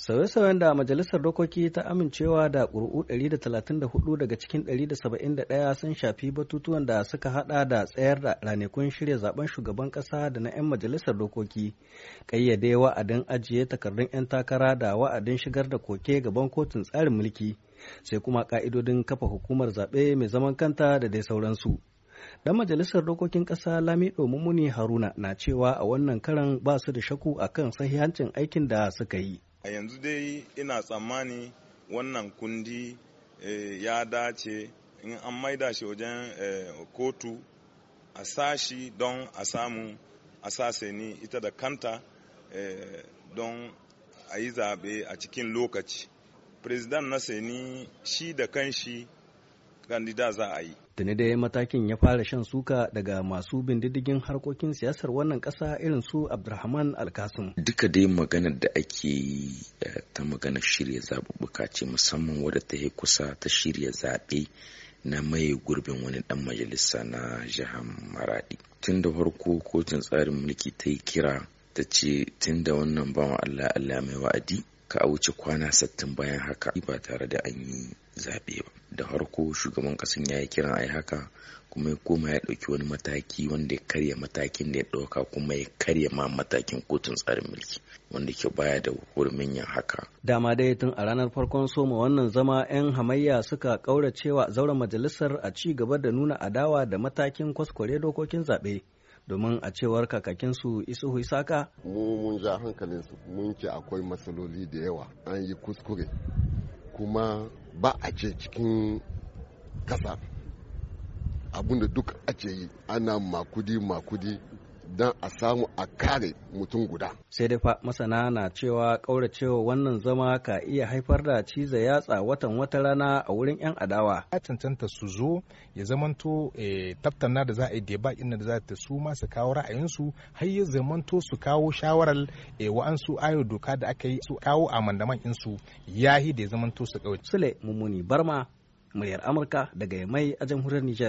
Sauye-sauyen da Majalisar Dokoki ta amincewa da ƙuri'u 134 daga cikin 171 sun shafi batutuwan da suka hada da tsayar da ranakun shirya zaben shugaban ƙasa da na 'yan Majalisar Dokoki, ƙayyade wa'adin ajiye takardun 'yan takara da wa'adin shigar da koke gaban kotun tsarin mulki, sai kuma ƙa'idodin kafa hukumar zaɓe mai zaman kanta da dai sauransu. Dan majalisar dokokin ƙasa Lamido Mummuni Haruna na cewa a wannan karan ba su da shaku akan sahihancin aikin da suka yi. A yanzu dai ina tsammani wannan kundi eh, ya dace in an maida shi wajen eh, kotu a sashi don a samu a ni ita da kanta eh, don a yi zaɓe a cikin lokaci. Firizidan na seni shi da kanshi kandida za a yi. tuni daya matakin ya fara shan suka daga masu bindidigin harkokin siyasar wannan ƙasa irin su abdulrahman alkasim duka dai maganar da ake eh, ta maganar shirya zaɓuɓɓuka ce musamman wadda ta yi kusa ta shirya zaɓe na maye gurbin wani ɗan majalisa na jihar maradi tun da farko kotun tsarin mulki ta yi kira ta ce tun da wannan bawan allah allah mai wa'adi ka a wuce kwana sattin bayan haka ba tare da an yi zaɓe ba da harko shugaban ƙasan ya yi kiran a yi haka kuma ya koma ya ɗauki wani mataki wanda ya karya matakin da ya ɗauka kuma ya karya ma matakin kotun tsarin mulki wanda ke baya da hurumin yin haka. Dama dai tun a ranar farkon soma wannan zama 'yan hamayya suka ƙauracewa zauren majalisar a ci gaba da nuna adawa da matakin kwaskware dokokin zaɓe. domin a cewar kakakinsu isu isaka mu mun ja hankalinsu mun ce akwai matsaloli da yawa an yi kuskure kuma ba a ce cikin kasa abinda duk a ce yi ana makudi makudi don a samu a kare mutum guda. Sai dai fa masana na cewa kauracewa wannan zama ka iya haifar da ciza yatsa watan wata rana a wurin 'yan adawa. Ya cancanta su zo ya zamanto eh, tattauna da za a yi da inda da za ta su masu kawo ra'ayinsu har ya zamanto su kawo shawarar eh, wa'ansu ayo doka da aka yi su kawo a mandaman insu yi da ya zamanto su kauce. Sule Mummuni Barma, muryar Amurka daga Yamai a jamhuriyar Nijar.